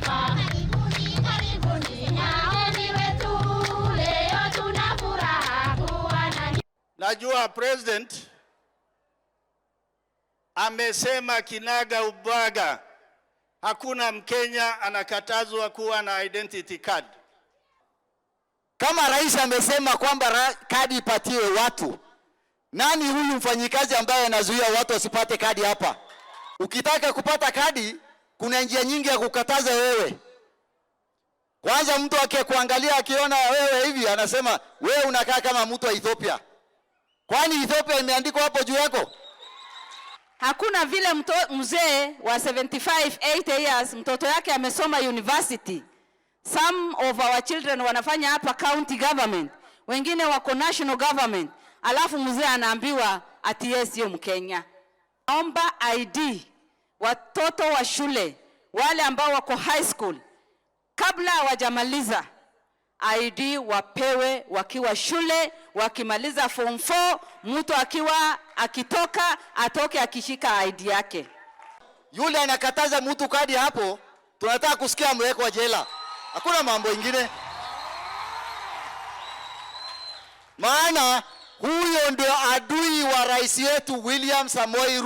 na. Najua president amesema kinaga ubaga, hakuna Mkenya anakatazwa kuwa na identity card. Kama rais amesema kwamba kadi ipatiwe watu, nani huyu mfanyikazi ambaye anazuia watu wasipate kadi hapa? Ukitaka kupata kadi kuna njia nyingi ya kukataza wewe. Kwanza mtu akikuangalia akiona wewe hivi anasema wewe unakaa kama mtu wa Ethiopia. Kwani Ethiopia imeandikwa hapo juu yako? Hakuna vile mzee wa 75 80 years mtoto yake amesoma university. Some of our children wanafanya hapa county government, wengine wako national government, alafu mzee anaambiwa ati yeye sio Mkenya. Naomba ID watoto wa shule wale ambao wako high school kabla hawajamaliza ID wapewe wakiwa shule, wakimaliza form 4, mtu akiwa akitoka atoke akishika ID yake. Yule anakataza mtu kadi hapo, tunataka kusikia mweko wa jela, hakuna mambo ingine, maana huyo ndio adui wa rais wetu William Samoei